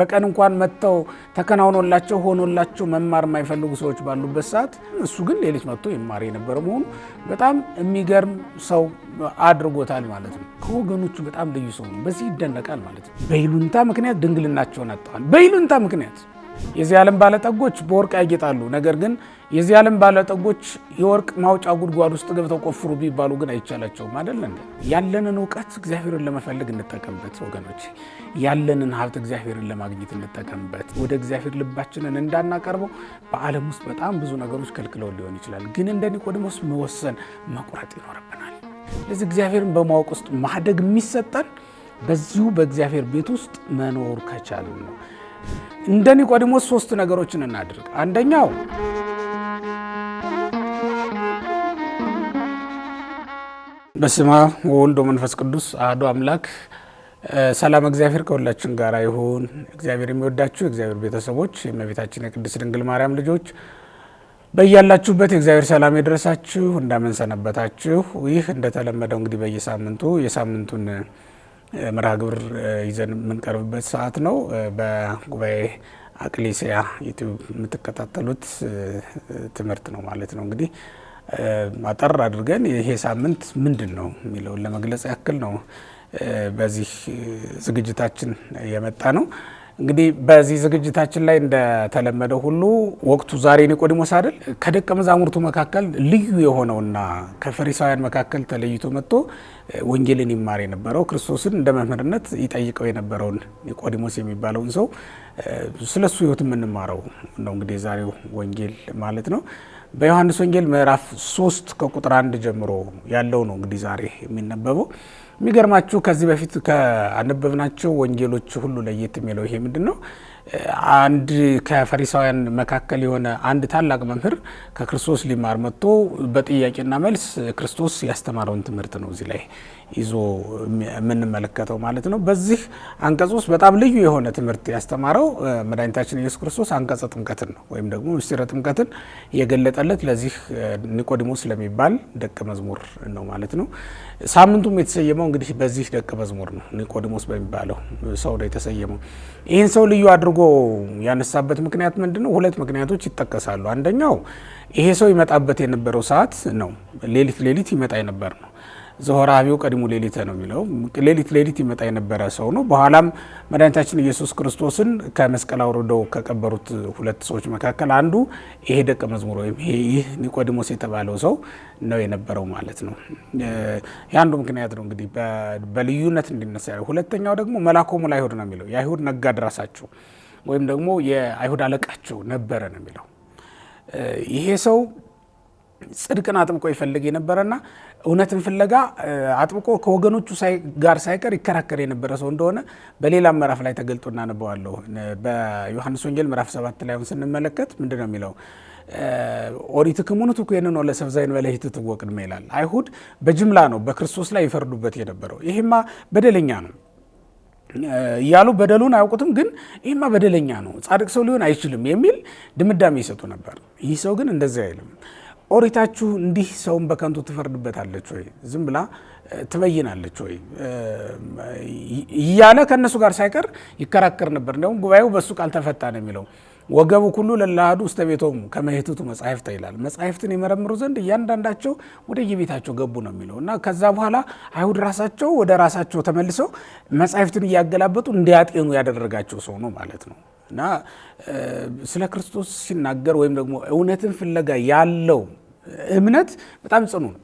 በቀን እንኳን መጥተው ተከናውኖላቸው ሆኖላቸው መማር የማይፈልጉ ሰዎች ባሉበት ሰዓት እሱ ግን ሌሊት መጥቶ ይማር የነበረ መሆኑ በጣም የሚገርም ሰው አድርጎታል ማለት ነው። ከወገኖቹ በጣም ልዩ ሰው ነው። በዚህ ይደነቃል ማለት ነው። በይሉንታ ምክንያት ድንግልናቸውን አጥተዋል። በይሉንታ ምክንያት የዚህ ዓለም ባለጠጎች በወርቅ ያጌጣሉ፣ ነገር ግን የዚህ ዓለም ባለጠጎች የወርቅ ማውጫ ጉድጓድ ውስጥ ገብተው ቆፍሩ ቢባሉ ግን አይቻላቸውም እንደ ያለንን እውቀት እግዚአብሔርን ለመፈለግ እንጠቀምበት ወገኖች። ያለንን ሀብት እግዚአብሔርን ለማግኘት እንጠቀምበት። ወደ እግዚአብሔር ልባችንን እንዳናቀርበው በዓለም ውስጥ በጣም ብዙ ነገሮች ከልክለው ሊሆን ይችላል፣ ግን እንደ ኒቆዲሞስ መወሰን መቁረጥ ይኖርብናል። ስለዚህ እግዚአብሔርን በማወቅ ውስጥ ማደግ የሚሰጠን በዚሁ በእግዚአብሔር ቤት ውስጥ መኖር ከቻልን ነው። እንደ ኒቆዲሞስ ሶስት ነገሮችን እናድርግ። አንደኛው በስመ አብ ወወልድ ወመንፈስ ቅዱስ አሐዱ አምላክ። ሰላም እግዚአብሔር ከሁላችን ጋር ይሁን። እግዚአብሔር የሚወዳችሁ እግዚአብሔር ቤተሰቦች፣ የእመቤታችን የቅድስት ድንግል ማርያም ልጆች በያላችሁበት የእግዚአብሔር ሰላም የደረሳችሁ እንደምን ሰነበታችሁ? ይህ እንደተለመደው እንግዲህ በየሳምንቱ የሳምንቱን መርሃ ግብር ይዘን የምንቀርብበት ሰዓት ነው። በጉባኤ አቅሌሲያ ዩቲዩብ የምትከታተሉት ትምህርት ነው ማለት ነው እንግዲህ አጠር አድርገን ይሄ ሳምንት ምንድን ነው የሚለውን ለመግለጽ ያክል ነው በዚህ ዝግጅታችን የመጣ ነው። እንግዲህ በዚህ ዝግጅታችን ላይ እንደተለመደው ሁሉ ወቅቱ ዛሬ ኒቆዲሞስ አይደል? ከደቀ መዛሙርቱ መካከል ልዩ የሆነውና ከፈሪሳውያን መካከል ተለይቶ መጥቶ ወንጌልን ይማር የነበረው ክርስቶስን እንደ መምህርነት ይጠይቀው የነበረውን ኒቆዲሞስ የሚባለውን ሰው ስለ እሱ ሕይወት የምንማረው ነው እንግዲህ ዛሬው ወንጌል ማለት ነው። በዮሐንስ ወንጌል ምዕራፍ 3 ከቁጥር አንድ ጀምሮ ያለው ነው እንግዲህ ዛሬ የሚነበበው። የሚገርማችሁ ከዚህ በፊት ከአነበብናቸው ወንጌሎች ሁሉ ለየት የሚለው ይሄ ምንድን ነው? አንድ ከፈሪሳውያን መካከል የሆነ አንድ ታላቅ መምህር ከክርስቶስ ሊማር መጥቶ በጥያቄና መልስ ክርስቶስ ያስተማረውን ትምህርት ነው እዚህ ላይ ይዞ የምንመለከተው ማለት ነው። በዚህ አንቀጽ ውስጥ በጣም ልዩ የሆነ ትምህርት ያስተማረው መድኃኒታችን ኢየሱስ ክርስቶስ አንቀጸ ጥምቀትን ነው ወይም ደግሞ ምስጢረ ጥምቀትን የገለጠለት ለዚህ ኒቆዲሞስ ለሚባል ደቀ መዝሙር ነው ማለት ነው። ሳምንቱም የተሰየመው እንግዲህ በዚህ ደቀ መዝሙር ነው፣ ኒቆዲሞስ በሚባለው ሰው ነው የተሰየመው። ይህን ሰው ልዩ አድርጎ ያነሳበት ምክንያት ምንድን ነው? ሁለት ምክንያቶች ይጠቀሳሉ። አንደኛው ይሄ ሰው ይመጣበት የነበረው ሰዓት ነው፣ ሌሊት ሌሊት ይመጣ የነበር ነው። ዘሆራቢው ቀድሞ ሌሊተ ነው የሚለው ሌሊት ሌሊት ይመጣ የነበረ ሰው ነው። በኋላም መድኃኒታችን ኢየሱስ ክርስቶስን ከመስቀል አውርደው ከቀበሩት ሁለት ሰዎች መካከል አንዱ ይሄ ደቀ መዝሙር ወይም ይህ ኒቆዲሞስ የተባለው ሰው ነው የነበረው ማለት ነው። የአንዱ ምክንያት ነው እንግዲህ በልዩነት እንዲነሳ። ሁለተኛው ደግሞ መልአኮሙ ለአይሁድ ነው የሚለው የአይሁድ ነጋድ ራሳቸው ወይም ደግሞ የአይሁድ አለቃቸው ነበረ ነው የሚለው ይሄ ሰው ጽድቅን አጥብቆ ይፈልግ የነበረና እውነትን ፍለጋ አጥብቆ ከወገኖቹ ጋር ሳይቀር ይከራከር የነበረ ሰው እንደሆነ በሌላ ምዕራፍ ላይ ተገልጦ እናነበዋለሁ። በዮሐንስ ወንጌል ምዕራፍ ሰባት ላይ ስንመለከት ምንድን ነው የሚለው? ኦሪትክሙኑ ትኩሄንኖ ለሰብእ ዘእንበለ ኢትትዎ ቅድመ ይላል። አይሁድ በጅምላ ነው በክርስቶስ ላይ ይፈርዱበት የነበረው። ይሄማ በደለኛ ነው እያሉ በደሉን አያውቁትም፣ ግን ይህማ በደለኛ ነው ጻድቅ ሰው ሊሆን አይችልም የሚል ድምዳሜ ይሰጡ ነበር። ይህ ሰው ግን እንደዚህ አይልም። ኦሪታችሁ እንዲህ ሰውን በከንቱ ትፈርድበታለች ወይ? ዝም ብላ ትበይናለች ወይ? እያለ ከእነሱ ጋር ሳይቀር ይከራከር ነበር። እንዲሁም ጉባኤው በእሱ ቃል ተፈታ ነው የሚለው ወገቡ ሁሉ ለላሃዱ ውስተ ቤቶሙ ከመ መጻሕፍተ ይላል። መጻሕፍትን የመረምሩ ዘንድ እያንዳንዳቸው ወደ የቤታቸው ገቡ ነው የሚለው እና ከዛ በኋላ አይሁድ ራሳቸው ወደ ራሳቸው ተመልሰው መጻሕፍትን እያገላበጡ እንዲያጤኑ ያደረጋቸው ሰው ነው ማለት ነው እና ስለ ክርስቶስ ሲናገር ወይም ደግሞ እውነትን ፍለጋ ያለው እምነት በጣም ጽኑ ነው።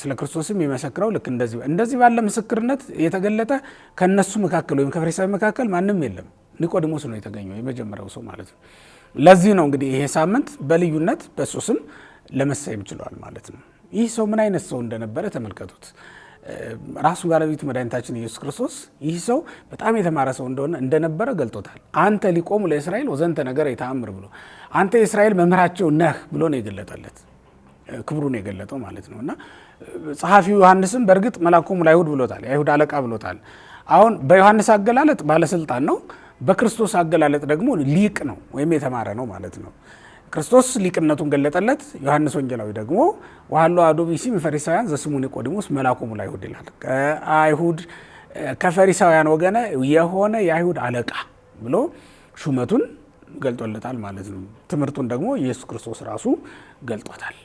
ስለ ክርስቶስም የሚመሰክረው ልክ እንደዚህ እንደዚህ ባለ ምስክርነት የተገለጠ ከእነሱ መካከል ወይም ከፈሪሳዊ መካከል ማንም የለም። ኒቆዲሞስ ነው የተገኘው የመጀመሪያው ሰው ማለት ነው። ለዚህ ነው እንግዲህ ይሄ ሳምንት በልዩነት በእሱ ስም ለመሰየም ችሏል ማለት ነው። ይህ ሰው ምን አይነት ሰው እንደነበረ ተመልከቱት። ራሱ ባለቤቱ መድኃኒታችን ኢየሱስ ክርስቶስ ይህ ሰው በጣም የተማረ ሰው እንደሆነ እንደነበረ ገልጦታል። አንተ ሊቆሙ ለእስራኤል ወዘንተ ነገር የተአምር ብሎ አንተ የእስራኤል መምህራቸው ነህ ብሎ ነው የገለጠለት ክብሩን የገለጠው ማለት ነው። እና ጸሐፊው ዮሐንስም በእርግጥ መላኮሙ ለአይሁድ ብሎታል፣ የአይሁድ አለቃ ብሎታል። አሁን በዮሐንስ አገላለጥ ባለስልጣን ነው፣ በክርስቶስ አገላለጥ ደግሞ ሊቅ ነው ወይም የተማረ ነው ማለት ነው። ክርስቶስ ሊቅነቱን ገለጠለት። ዮሐንስ ወንጌላዊ ደግሞ ዋሃሎ አዶቢሲም ፈሪሳውያን ዘስሙ ኒቆዲሞስ መልአኮሙ ለአይሁድ ይላል። አይሁድ ከፈሪሳውያን ወገነ የሆነ የአይሁድ አለቃ ብሎ ሹመቱን ገልጦለታል ማለት ነው። ትምህርቱን ደግሞ ኢየሱስ ክርስቶስ ራሱ ገልጦታል።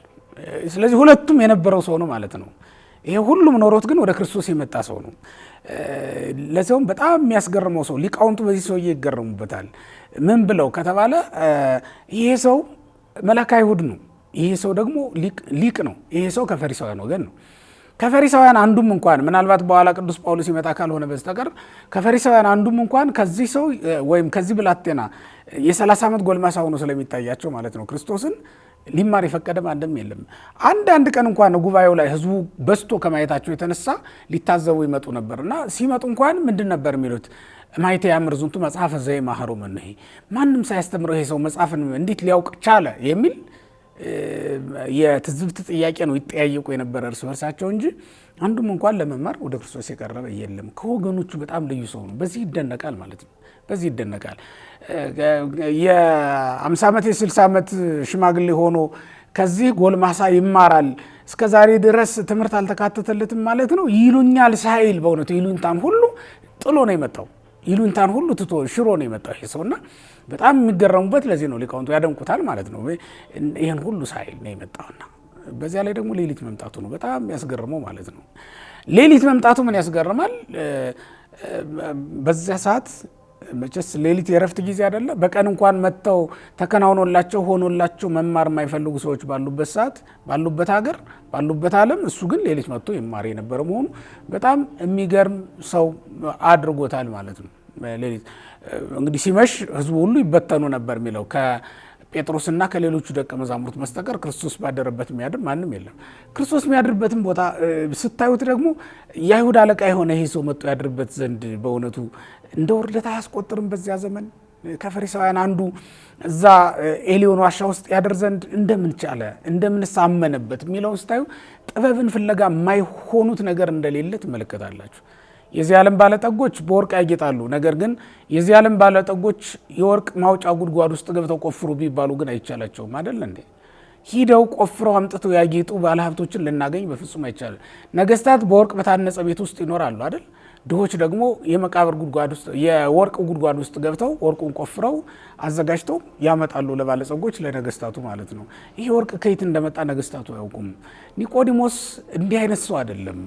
ስለዚህ ሁለቱም የነበረው ሰው ነው ማለት ነው። ይሄ ሁሉም ኖሮት ግን ወደ ክርስቶስ የመጣ ሰው ነው። ለሰውም በጣም የሚያስገርመው ሰው ሊቃውንቱ በዚህ ሰውዬ ይገረሙበታል። ምን ብለው ከተባለ ይሄ ሰው መላካ አይሁድ ነው፣ ይሄ ሰው ደግሞ ሊቅ ነው፣ ይሄ ሰው ከፈሪሳውያን ወገን ነው። ከፈሪሳውያን አንዱም እንኳን ምናልባት በኋላ ቅዱስ ጳውሎስ ይመጣ ካልሆነ በስተቀር ከፈሪሳውያን አንዱም እንኳን ከዚህ ሰው ወይም ከዚህ ብላቴና የሰላሳ ዓመት ጎልማሳ ሆኖ ስለሚታያቸው ማለት ነው ክርስቶስን ሊማር የፈቀደ ማንም የለም። አንዳንድ ቀን እንኳን ጉባኤው ላይ ህዝቡ በዝቶ ከማየታቸው የተነሳ ሊታዘቡ ይመጡ ነበር እና ሲመጡ እንኳን ምንድን ነበር የሚሉት ማየት ያምር ዝንቱ መጽሐፈ ዘይማህሩ መነሂ ማንም ሳያስተምረው ይሄ ሰው መጽሐፍን እንዴት ሊያውቅ ቻለ የሚል የትዝብት ጥያቄ ነው ይጠያየቁ የነበረ እርስ በርሳቸው እንጂ አንዱም እንኳን ለመማር ወደ ክርስቶስ የቀረበ የለም። ከወገኖቹ በጣም ልዩ ሰው ነው። በዚህ ይደነቃል ማለት ነው። በዚህ ይደነቃል። የአምሳ ዓመት የስልሳ ዓመት ሽማግሌ ሆኖ ከዚህ ጎልማሳ ይማራል። እስከ ዛሬ ድረስ ትምህርት አልተካተተለትም ማለት ነው። ይሉኛል ሳይል በእውነቱ ይሉኝታን ሁሉ ጥሎ ነው የመጣው። ይሉንታን ሁሉ ትቶ ሽሮ ነው የመጣው ይሄ ሰው እና በጣም የሚገረሙበት ለዚህ ነው። ሊቃውንቱ ያደንቁታል ማለት ነው። ይህን ሁሉ ሳይል ነው የመጣውና በዚያ ላይ ደግሞ ሌሊት መምጣቱ ነው በጣም የሚያስገርመው ማለት ነው። ሌሊት መምጣቱ ምን ያስገርማል? በዚያ ሰዓት መቼስ ሌሊት የረፍት ጊዜ አይደለ። በቀን እንኳን መጥተው ተከናውኖላቸው ሆኖላቸው መማር የማይፈልጉ ሰዎች ባሉበት ሰዓት ባሉበት ሀገር ባሉበት ዓለም እሱ ግን ሌሊት መጥቶ ይማር የነበረ መሆኑ በጣም የሚገርም ሰው አድርጎታል ማለት ነው። ሌሊት እንግዲህ ሲመሽ ህዝቡ ሁሉ ይበተኑ ነበር የሚለው ጴጥሮስና ከሌሎቹ ደቀ መዛሙርት መስተቀር ክርስቶስ ባደረበት የሚያድር ማንም የለም። ክርስቶስ የሚያድርበትን ቦታ ስታዩት ደግሞ የአይሁድ አለቃ የሆነ ይሄ ሰው መጥቶ ያድርበት ዘንድ በእውነቱ እንደ ውርደት አያስቆጥርም። በዚያ ዘመን ከፈሪሳውያን አንዱ እዛ ኤሊዮን ዋሻ ውስጥ ያደር ዘንድ እንደምን ቻለ እንደምን ሳመነበት የሚለውን ስታዩ ጥበብን ፍለጋ የማይሆኑት ነገር እንደሌለ ትመለከታላችሁ። የዚህ ዓለም ባለጠጎች በወርቅ ያጌጣሉ። ነገር ግን የዚህ ዓለም ባለጠጎች የወርቅ ማውጫ ጉድጓድ ውስጥ ገብተው ቆፍሩ ቢባሉ ግን አይቻላቸውም አደለ እንዴ? ሂደው ቆፍረው አምጥተው ያጌጡ ባለሀብቶችን ልናገኝ በፍጹም አይቻልም። ነገስታት በወርቅ በታነጸ ቤት ውስጥ ይኖራሉ አይደል? ድሆች ደግሞ የመቃብር ጉድጓድ ውስጥ የወርቅ ጉድጓድ ውስጥ ገብተው ወርቁን ቆፍረው አዘጋጅተው ያመጣሉ ለባለጸጎች ለነገስታቱ ማለት ነው። ይሄ ወርቅ ከየት እንደመጣ ነገስታቱ አያውቁም። ኒቆዲሞስ እንዲህ አይነት ሰው አይደለም።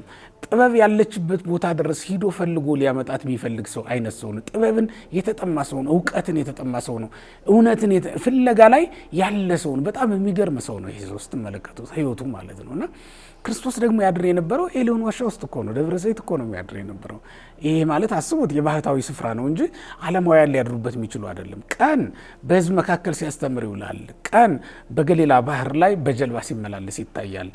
ጥበብ ያለችበት ቦታ ድረስ ሂዶ ፈልጎ ሊያመጣት የሚፈልግ ሰው አይነት ሰው ነው። ጥበብን የተጠማ ሰው ነው። እውቀትን የተጠማ ሰው ነው። እውነትን ፍለጋ ላይ ያለ ሰው ነው። በጣም የሚገርም ሰው ነው። ይሄ ሰው ስትመለከቱት ህይወቱ ማለት ነው እና ክርስቶስ ደግሞ ያድር የነበረው ኤሊዮን ዋሻ ውስጥ እኮ ነው፣ ደብረ ዘይት እኮ ነው የሚያድር የነበረው። ይሄ ማለት አስቡት፣ የባህታዊ ስፍራ ነው እንጂ ዓለማውያን ሊያድሩበት የሚችሉ አይደለም። ቀን በህዝብ መካከል ሲያስተምር ይውላል። ቀን በገሊላ ባህር ላይ በጀልባ ሲመላለስ ይታያል።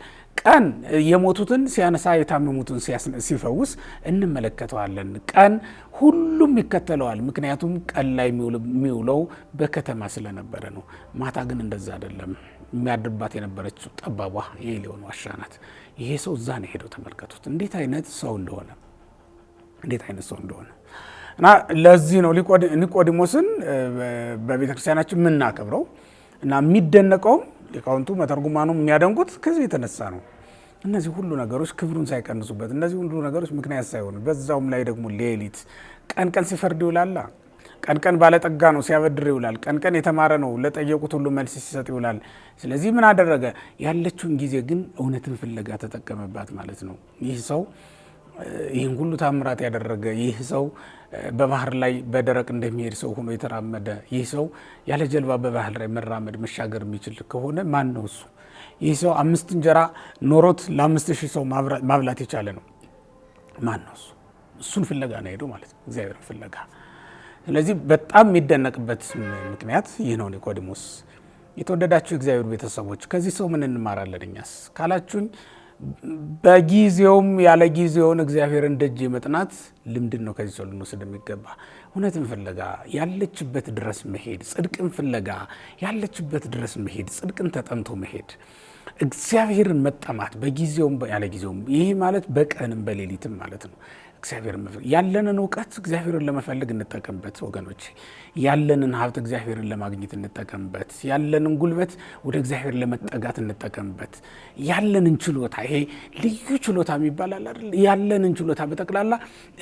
ቀን የሞቱትን ሲያነሳ የታመሙትን ሲፈውስ እንመለከተዋለን። ቀን ሁሉም ይከተለዋል፣ ምክንያቱም ቀን ላይ የሚውለው በከተማ ስለነበረ ነው። ማታ ግን እንደዛ አይደለም። የሚያድርባት የነበረች ጠባቧ የሊዮን ዋሻ ናት። ይሄ ሰው እዛ ነው ሄደው ተመልከቱት፣ እንዴት አይነት ሰው እንደሆነ እንዴት አይነት ሰው እንደሆነ እና ለዚህ ነው ኒቆዲሞስን በቤተ ክርስቲያናችን የምናከብረው እና የሚደነቀውም ሊቃውንቱ መተርጉማኑ የሚያደንቁት ከዚህ የተነሳ ነው። እነዚህ ሁሉ ነገሮች ክብሩን ሳይቀንሱበት፣ እነዚህ ሁሉ ነገሮች ምክንያት ሳይሆኑ፣ በዛውም ላይ ደግሞ ሌሊት ቀን ቀን ሲፈርድ ይውላላ ቀን ቀን ባለጠጋ ነው ሲያበድር ይውላል። ቀን ቀን የተማረ ነው ለጠየቁት ሁሉ መልስ ሲሰጥ ይውላል። ስለዚህ ምን አደረገ? ያለችውን ጊዜ ግን እውነትን ፍለጋ ተጠቀመባት ማለት ነው። ይህ ሰው ይህን ሁሉ ታምራት ያደረገ ይህ ሰው በባህር ላይ በደረቅ እንደሚሄድ ሰው ሆኖ የተራመደ ይህ ሰው ያለ ጀልባ በባህር ላይ መራመድ መሻገር የሚችል ከሆነ ማን ነው እሱ? ይህ ሰው አምስት እንጀራ ኖሮት ለአምስት ሺህ ሰው ማብላት የቻለ ነው። ማን ነው እሱ? እሱን ፍለጋ ነው ሄዱ ማለት ነው፣ እግዚአብሔር ፍለጋ ስለዚህ በጣም የሚደነቅበት ምክንያት ይህ ነው። ኒቆዲሞስ የተወደዳችሁ እግዚአብሔር ቤተሰቦች ከዚህ ሰው ምን እንማራለን እኛስ ካላችሁኝ በጊዜውም ያለ ጊዜውን እግዚአብሔርን ደጅ መጥናት ልምድን ነው ከዚህ ሰው ልንወስድ የሚገባ። እውነትን ፍለጋ ያለችበት ድረስ መሄድ፣ ጽድቅን ፍለጋ ያለችበት ድረስ መሄድ፣ ጽድቅን ተጠምቶ መሄድ፣ እግዚአብሔርን መጠማት በጊዜውም ያለ ጊዜውም። ይህ ማለት በቀንም በሌሊትም ማለት ነው። እግዚአብሔር ያለንን እውቀት እግዚአብሔርን ለመፈለግ እንጠቀምበት ወገኖች። ያለንን ሀብት እግዚአብሔርን ለማግኘት እንጠቀምበት። ያለንን ጉልበት ወደ እግዚአብሔር ለመጠጋት እንጠቀምበት። ያለንን ችሎታ ይሄ ልዩ ችሎታ የሚባል አለ አይደል? ያለንን ችሎታ በጠቅላላ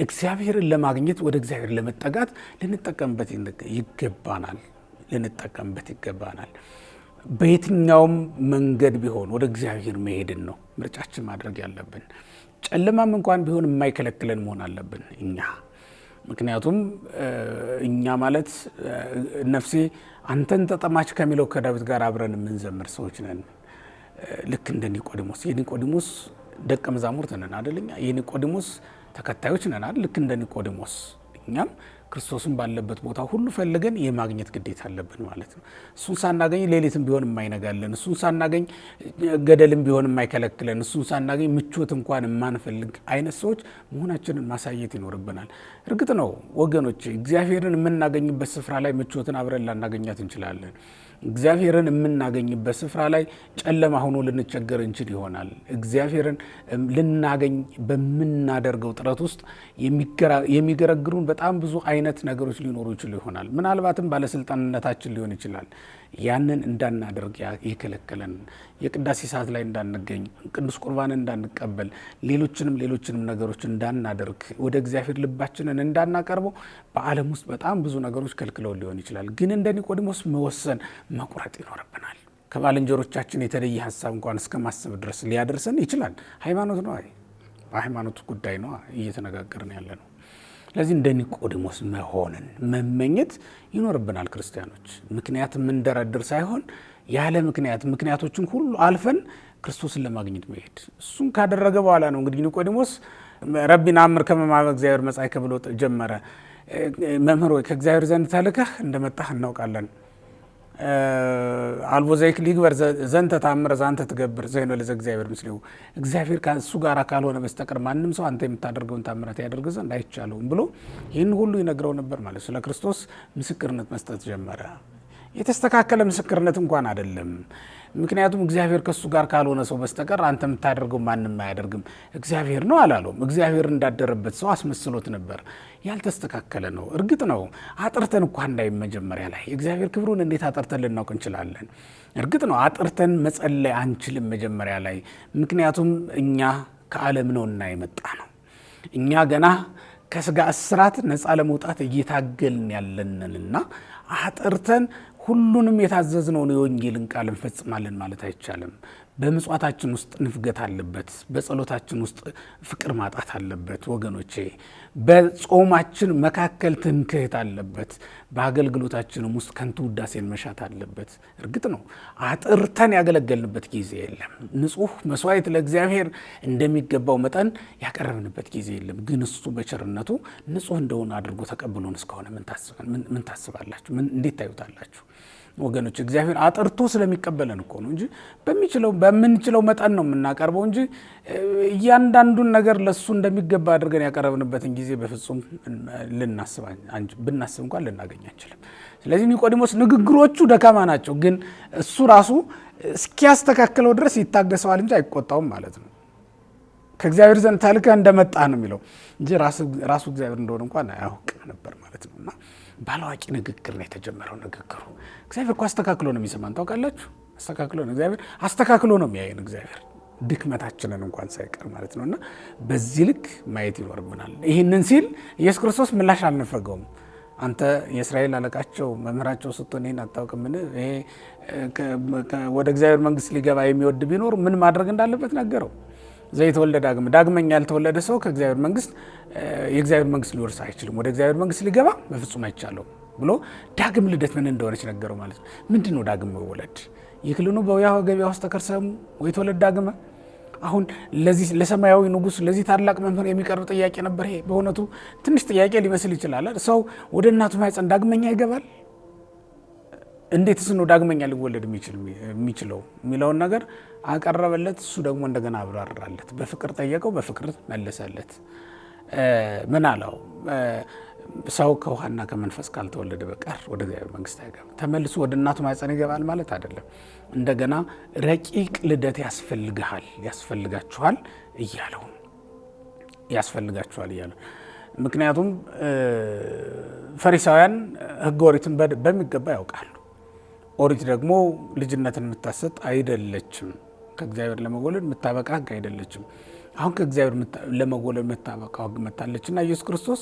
እግዚአብሔርን ለማግኘት ወደ እግዚአብሔር ለመጠጋት ልንጠቀምበት ይገባናል። ልንጠቀምበት ይገባናል። በየትኛውም መንገድ ቢሆን ወደ እግዚአብሔር መሄድን ነው ምርጫችን ማድረግ ያለብን። ጨለማም እንኳን ቢሆን የማይከለክለን መሆን አለብን እኛ። ምክንያቱም እኛ ማለት ነፍሴ አንተን ተጠማች ከሚለው ከዳዊት ጋር አብረን የምንዘምር ሰዎች ነን። ልክ እንደ ኒቆዲሞስ የኒቆዲሞስ ደቀ መዛሙርት ነን አደለኛ የኒቆዲሞስ ተከታዮች ነን አ ልክ እንደ ኒቆዲሞስ እኛም ክርስቶስን ባለበት ቦታ ሁሉ ፈልገን የማግኘት ግዴታ አለብን ማለት ነው። እሱን ሳናገኝ ሌሊትም ቢሆን የማይነጋለን፣ እሱን ሳናገኝ ገደልም ቢሆን የማይከለክለን፣ እሱን ሳናገኝ ምቾት እንኳን የማንፈልግ አይነት ሰዎች መሆናችንን ማሳየት ይኖርብናል። እርግጥ ነው ወገኖች፣ እግዚአብሔርን የምናገኝበት ስፍራ ላይ ምቾትን አብረን ላናገኛት እንችላለን። እግዚአብሔርን የምናገኝበት ስፍራ ላይ ጨለማ ሆኖ ልንቸገር እንችል ይሆናል። እግዚአብሔርን ልናገኝ በምናደርገው ጥረት ውስጥ የሚገረግሩን በጣም ብዙ አይ አይነት ነገሮች ሊኖሩ ይችሉ ይሆናል። ምናልባትም ባለስልጣንነታችን ሊሆን ይችላል ያንን እንዳናደርግ የከለከለን የቅዳሴ ሰዓት ላይ እንዳንገኝ፣ ቅዱስ ቁርባን እንዳንቀበል፣ ሌሎችንም ሌሎችንም ነገሮች እንዳናደርግ፣ ወደ እግዚአብሔር ልባችንን እንዳናቀርበው በዓለም ውስጥ በጣም ብዙ ነገሮች ከልክለው ሊሆን ይችላል። ግን እንደ ኒቆዲሞስ መወሰን መቁረጥ ይኖርብናል። ከባልንጀሮቻችን የተለየ ሀሳብ እንኳን እስከ ማሰብ ድረስ ሊያደርሰን ይችላል። ሃይማኖት ነው፣ በሃይማኖት ጉዳይ ነው እየተነጋገርን ያለ ነው። ስለዚህ እንደ ኒቆዲሞስ መሆንን መመኘት ይኖርብናል ክርስቲያኖች። ምክንያት የምንደረድር ሳይሆን ያለ ምክንያት ምክንያቶችን ሁሉ አልፈን ክርስቶስን ለማግኘት መሄድ። እሱን ካደረገ በኋላ ነው እንግዲህ ኒቆዲሞስ ረቢን አምር ከመ እግዚአብሔር መጻእከ ብሎ ጀመረ። መምህር ወይ ከእግዚአብሔር ዘንድ ተልከህ እንደመጣህ እናውቃለን አልቦ ዘይክ ሊግበር ዘንተ ታምረ ዛንተ ትገብር ዘይኖ ለዘ እግዚአብሔር ምስሌሁ እግዚአብሔር ከእሱ ጋር ካልሆነ በስተቀር ማንም ሰው አንተ የምታደርገውን ታምራት ያደርግ ዘንድ አይቻለውም ብሎ ይህን ሁሉ ይነግረው ነበር ማለት ስለ ክርስቶስ ምስክርነት መስጠት ጀመረ። የተስተካከለ ምስክርነት እንኳን አይደለም። ምክንያቱም እግዚአብሔር ከእሱ ጋር ካልሆነ ሰው በስተቀር አንተ የምታደርገው ማንም አያደርግም። እግዚአብሔር ነው አላለም። እግዚአብሔር እንዳደረበት ሰው አስመስሎት ነበር። ያልተስተካከለ ነው። እርግጥ ነው አጥርተን እኳ እንዳይም መጀመሪያ ላይ እግዚአብሔር ክብሩን እንዴት አጥርተን ልናውቅ እንችላለን? እርግጥ ነው አጥርተን መጸለይ አንችልም መጀመሪያ ላይ ምክንያቱም እኛ ከዓለም እና የመጣ ነው። እኛ ገና ከስጋ እስራት ነፃ ለመውጣት እየታገልን ያለንንና አጥርተን ሁሉንም የታዘዝነውን የወንጌልን ቃል እንፈጽማለን ማለት አይቻልም። በምጽዋታችን ውስጥ ንፍገት አለበት። በጸሎታችን ውስጥ ፍቅር ማጣት አለበት። ወገኖቼ በጾማችን መካከል ትምክህት አለበት። በአገልግሎታችንም ውስጥ ከንቱ ውዳሴን መሻት አለበት። እርግጥ ነው አጥርተን ያገለገልንበት ጊዜ የለም። ንጹህ መስዋዕት ለእግዚአብሔር እንደሚገባው መጠን ያቀረብንበት ጊዜ የለም። ግን እሱ በቸርነቱ ንጹህ እንደሆነ አድርጎ ተቀብሎን እስከሆነ ምን ታስባላችሁ? እንዴት ታዩታላችሁ? ወገኖች እግዚአብሔር አጥርቶ ስለሚቀበለን እኮ ነው እንጂ በሚችለው በምንችለው መጠን ነው የምናቀርበው እንጂ እያንዳንዱን ነገር ለሱ እንደሚገባ አድርገን ያቀረብንበትን ጊዜ በፍጹም ብናስብ እንኳን ልናገኝ አንችልም። ስለዚህ ኒቆዲሞስ ንግግሮቹ ደካማ ናቸው፣ ግን እሱ ራሱ እስኪያስተካክለው ድረስ ይታገሰዋል እንጂ አይቆጣውም ማለት ነው። ከእግዚአብሔር ዘንድ ተልከህ እንደመጣ ነው የሚለው እንጂ ራሱ እግዚአብሔር እንደሆነ እንኳን አያውቅ ነበር ማለት ነውና ባላዋቂ ንግግር ነው የተጀመረው ንግግሩ። እግዚአብሔር እኮ አስተካክሎ ነው የሚሰማን ታውቃላችሁ። አስተካክሎ ነው እግዚአብሔር አስተካክሎ ነው የሚያየን እግዚአብሔር ድክመታችንን እንኳን ሳይቀር ማለት ነው። እና በዚህ ልክ ማየት ይኖርብናል። ይህንን ሲል ኢየሱስ ክርስቶስ ምላሽ አልነፈገውም። አንተ የእስራኤል አለቃቸው መምህራቸው ስትሆን ይህን አታውቅምን? ይሄ ወደ እግዚአብሔር መንግስት ሊገባ የሚወድ ቢኖር ምን ማድረግ እንዳለበት ነገረው። ዘይተወልደ ዳግም ዳግመኛ ያልተወለደ ሰው ከእግዚአብሔር መንግስት የእግዚአብሔር መንግስት ሊወርስ አይችልም፣ ወደ እግዚአብሔር መንግስት ሊገባ በፍጹም አይቻለው ብሎ ዳግም ልደት ምን እንደሆነች ነገረው ማለት ነው። ምንድን ነው ዳግም መወለድ? ይክልኑ በውያሆ ገቢያ ውስጥ ተከርሰሙ ወይተወለድ ዳግመ አሁን ለዚህ ለሰማያዊ ንጉስ ለዚህ ታላቅ መምህር የሚቀርብ ጥያቄ ነበር። ይሄ በእውነቱ ትንሽ ጥያቄ ሊመስል ይችላል። ሰው ወደ እናቱ ማኅፀን ዳግመኛ ይገባል? እንዴትስ ነው ዳግመኛ ሊወለድ የሚችለው የሚለውን ነገር አቀረበለት። እሱ ደግሞ እንደገና አብራራለት። በፍቅር ጠየቀው፣ በፍቅር መለሰለት። ምን አለው? ሰው ከውሃና ከመንፈስ ካልተወለደ በቀር ወደ እግዚአብሔር መንግስት አይገባም። ተመልሶ ወደ እናቱ ማኅፀን ይገባል ማለት አይደለም። እንደገና ረቂቅ ልደት ያስፈልግሃል፣ ያስፈልጋችኋል እያለው ያስፈልጋችኋል እያለው ምክንያቱም ፈሪሳውያን ሕገ ኦሪትን በሚገባ ያውቃሉ። ኦሪት ደግሞ ልጅነትን የምታሰጥ አይደለችም። ከእግዚአብሔር ለመወለድ የምታበቃ ህግ አይደለችም። አሁን ከእግዚአብሔር ለመወለድ የምታበቃ ህግ መታለች እና ኢየሱስ ክርስቶስ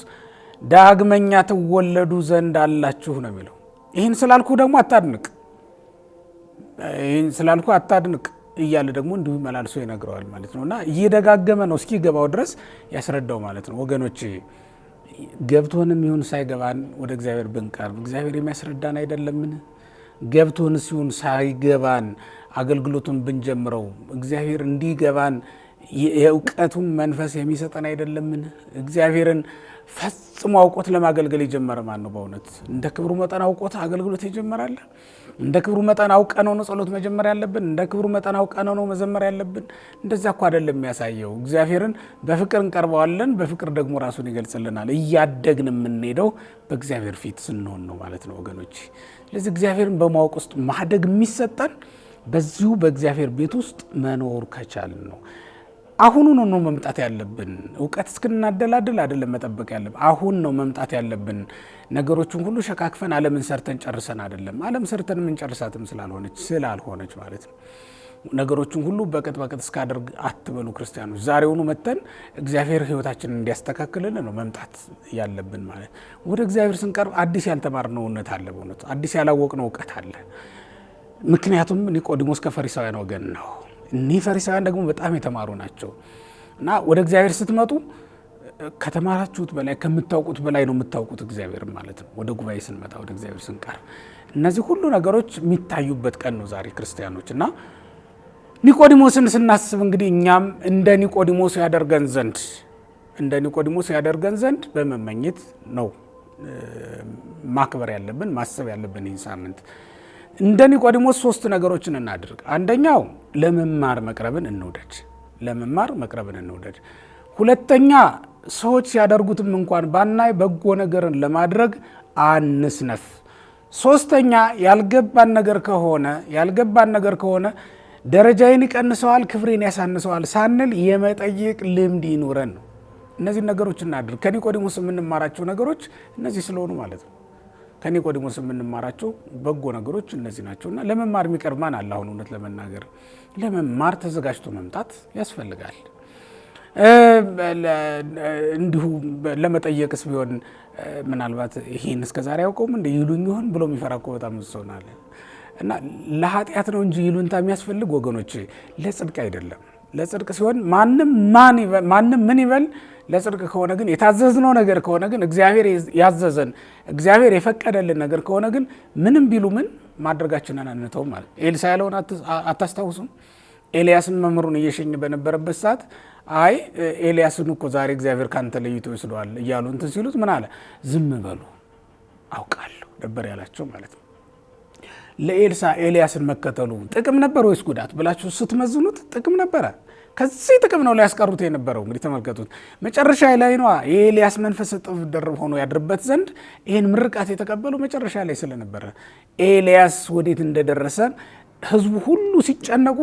ዳግመኛ ትወለዱ ዘንድ አላችሁ ነው የሚለው። ይህን ስላልኩ ደግሞ አታድንቅ፣ ይህን ስላልኩ አታድንቅ እያለ ደግሞ እንዲሁ መላልሶ ይነግረዋል ማለት ነው እና እየደጋገመ ነው እስኪገባው ድረስ ያስረዳው ማለት ነው ወገኖች ገብቶንም ይሁን ሳይገባን ወደ እግዚአብሔር ብንቀርብ እግዚአብሔር የሚያስረዳን አይደለምን? ገብቶን ሲሆን ሳይገባን አገልግሎቱን ብንጀምረው እግዚአብሔር እንዲገባን የእውቀቱን መንፈስ የሚሰጠን አይደለምን? እግዚአብሔርን ፈጽሞ አውቆት ለማገልገል የጀመረ ማን ነው? በእውነት እንደ ክብሩ መጠን አውቆት አገልግሎት የጀመራለ እንደ ክብሩ መጠን አውቀነው ነው ጸሎት መጀመር ያለብን። እንደ ክብሩ መጠን አውቀነው ነው መዘመር ያለብን። እንደዛ እኮ አይደለም የሚያሳየው። እግዚአብሔርን በፍቅር እንቀርበዋለን፣ በፍቅር ደግሞ ራሱን ይገልጽልናል። እያደግን የምንሄደው በእግዚአብሔር ፊት ስንሆን ነው ማለት ነው ወገኖች። ስለዚህ እግዚአብሔርን በማወቅ ውስጥ ማደግ የሚሰጠን በዚሁ በእግዚአብሔር ቤት ውስጥ መኖር ከቻልን ነው። አሁኑን ነው መምጣት ያለብን። እውቀት እስክናደላድል አይደለም መጠበቅ ያለብን፣ አሁን ነው መምጣት ያለብን። ነገሮችን ሁሉ ሸካክፈን ዓለምን ሰርተን ጨርሰን አይደለም፣ ዓለም ሰርተን የምንጨርሳትም ስላልሆነች ስላልሆነች ማለት ነው። ነገሮችን ሁሉ በቅጥ በቅጥ እስካደርግ አትበሉ ክርስቲያኖች። ዛሬውኑ መጥተን እግዚአብሔር ሕይወታችንን እንዲያስተካክልልን ነው መምጣት ያለብን ማለት። ወደ እግዚአብሔር ስንቀርብ አዲስ ያልተማርነው እውነት አለ፣ በእውነት አዲስ ያላወቅነው እውቀት አለ። ምክንያቱም ኒቆዲሞስ ከፈሪሳውያን ወገን ነው። እኒህ ፈሪሳውያን ደግሞ በጣም የተማሩ ናቸው እና ወደ እግዚአብሔር ስትመጡ ከተማራችሁት በላይ ከምታውቁት በላይ ነው የምታውቁት እግዚአብሔር ማለት ነው። ወደ ጉባኤ ስንመጣ ወደ እግዚአብሔር ስንቀር እነዚህ ሁሉ ነገሮች የሚታዩበት ቀን ነው ዛሬ ክርስቲያኖች እና ኒቆዲሞስን ስናስብ እንግዲህ እኛም እንደ ኒቆዲሞስ ያደርገን ዘንድ እንደ ኒቆዲሞስ ያደርገን ዘንድ በመመኘት ነው ማክበር ያለብን ማሰብ ያለብን ይህን ሳምንት እንደ ኒቆዲሞስ ሶስት ነገሮችን እናድርግ። አንደኛው ለመማር መቅረብን እንውደድ፣ ለመማር መቅረብን እንውደድ። ሁለተኛ ሰዎች ሲያደርጉትም እንኳን ባናይ በጎ ነገርን ለማድረግ አንስነፍ። ሶስተኛ ያልገባን ነገር ከሆነ ያልገባን ነገር ከሆነ ደረጃዬን ይቀንሰዋል፣ ክብሬን ያሳንሰዋል ሳንል የመጠየቅ ልምድ ይኑረን። እነዚህ ነገሮች እናድርግ። ከኒቆዲሞስ የምንማራቸው ነገሮች እነዚህ ስለሆኑ ማለት ነው። ከኒቆዲሞስ የምንማራቸው በጎ ነገሮች እነዚህ ናቸው እና ለመማር የሚቀርብ ማን አለ? አሁን እውነት ለመናገር ለመማር ተዘጋጅቶ መምጣት ያስፈልጋል። እንዲሁ ለመጠየቅስ ቢሆን ምናልባት ይህን እስከዛሬ ያውቀውም እንደ ይሉኝ ይሆን ብሎ የሚፈራ እኮ በጣም ሰውናለ እና ለኃጢአት ነው እንጂ ይሉንታ የሚያስፈልግ ወገኖች፣ ለጽድቅ አይደለም። ለጽድቅ ሲሆን ማንም ምን ይበል ለጽድቅ ከሆነ ግን የታዘዝነው ነገር ከሆነ ግን እግዚአብሔር ያዘዘን እግዚአብሔር የፈቀደልን ነገር ከሆነ ግን ምንም ቢሉ ምን ማድረጋችንን አንተውም ማለት ኤልሳ ያለውን አታስታውሱም? ኤልያስን መምህሩን እየሸኘ በነበረበት ሰዓት አይ ኤልያስን እኮ ዛሬ እግዚአብሔር ካንተ ለይቶ ይስደዋል እያሉ እንትን ሲሉት ምን አለ? ዝም በሉ አውቃለሁ ነበር ያላቸው ማለት ነው። ለኤልሳ ኤልያስን መከተሉ ጥቅም ነበር ወይስ ጉዳት ብላችሁ ስትመዝኑት ጥቅም ነበረ። ከዚህ ጥቅም ነው ሊያስቀሩት የነበረው። እንግዲህ ተመልከቱት፣ መጨረሻ ላይ ነዋ የኤልያስ መንፈስ እጥፍ ድርብ ሆኖ ያድርበት ዘንድ ይህን ምርቃት የተቀበለው መጨረሻ ላይ ስለነበረ ኤልያስ ወዴት እንደደረሰ ህዝቡ ሁሉ ሲጨነቁ፣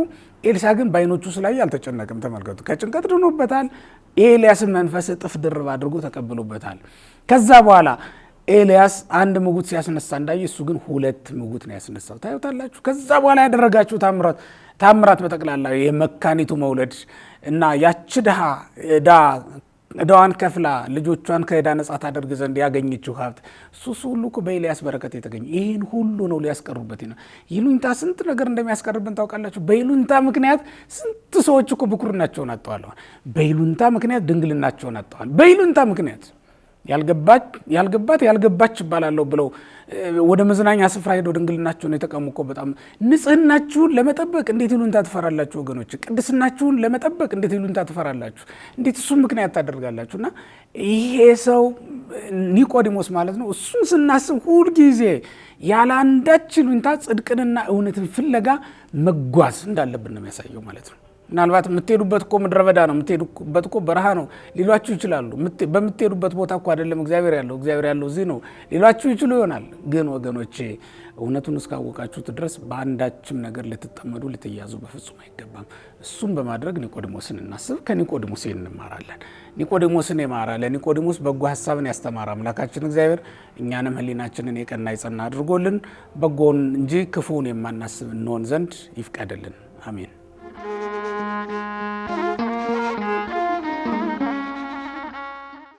ኤልሳ ግን በዓይኖቹ ስላየ አልተጨነቅም። ተመልከቱ፣ ከጭንቀት ድኖበታል። የኤልያስን መንፈስ እጥፍ ድርብ አድርጎ ተቀብሎበታል። ከዛ በኋላ ኤልያስ አንድ ምጉት ሲያስነሳ እንዳየ እሱ ግን ሁለት ምጉት ነው ያስነሳው። ታዩታላችሁ። ከዛ በኋላ ያደረጋችሁ ታምራት ታምራት በጠቅላላ የመካኒቱ መውለድ እና ያች ድሃ ዳ እዳዋን ከፍላ ልጆቿን ከዕዳ ነጻ ታደርግ ዘንድ ያገኘችው ሀብት እሱሱ ሁሉ እኮ በኤልያስ በረከት የተገኘ ይህን ሁሉ ነው ሊያስቀሩበት ነው። ይሉኝታ ስንት ነገር እንደሚያስቀርብን ታውቃላችሁ። በይሉኝታ ምክንያት ስንት ሰዎች እኮ ብኩርናቸውን አጥተዋል። በይሉኝታ ምክንያት ድንግልናቸውን አጠዋል። በይሉኝታ ምክንያት ያልገባት ያልገባች ይባላለሁ ብለው ወደ መዝናኛ ስፍራ ሄደው ድንግልናቸውን የተቀሙ እኮ በጣም ንጽህናችሁን ለመጠበቅ እንዴት ይሉንታ ትፈራላችሁ? ወገኖች ቅድስናችሁን ለመጠበቅ እንዴት ይሉንታ ትፈራላችሁ? እንዴት እሱን ምክንያት ታደርጋላችሁ? እና ይሄ ሰው ኒቆዲሞስ ማለት ነው። እሱን ስናስብ ሁልጊዜ ያለ አንዳች ይሉንታ ጽድቅንና እውነትን ፍለጋ መጓዝ እንዳለብን ነው የሚያሳየው ማለት ነው። ምናልባት የምትሄዱበት እኮ ምድረ በዳ ነው፣ የምትሄዱበት እኮ በረሃ ነው ሊሏችሁ ይችላሉ። በምትሄዱበት ቦታ እኮ አይደለም እግዚአብሔር ያለው፣ እግዚአብሔር ያለው እዚህ ነው ሊሏችሁ ይችሉ ይሆናል። ግን ወገኖቼ እውነቱን እስካወቃችሁት ድረስ በአንዳችም ነገር ልትጠመዱ ልትያዙ በፍጹም አይገባም። እሱም በማድረግ ኒቆዲሞስን እናስብ፣ ከኒቆዲሞስ እንማራለን። ኒቆዲሞስን የማራ ለኒቆዲሞስ በጎ ሀሳብን ያስተማረ አምላካችን እግዚአብሔር እኛንም ሕሊናችንን የቀና ይጸና አድርጎልን በጎን እንጂ ክፉውን የማናስብ እንሆን ዘንድ ይፍቀድልን። አሜን። Música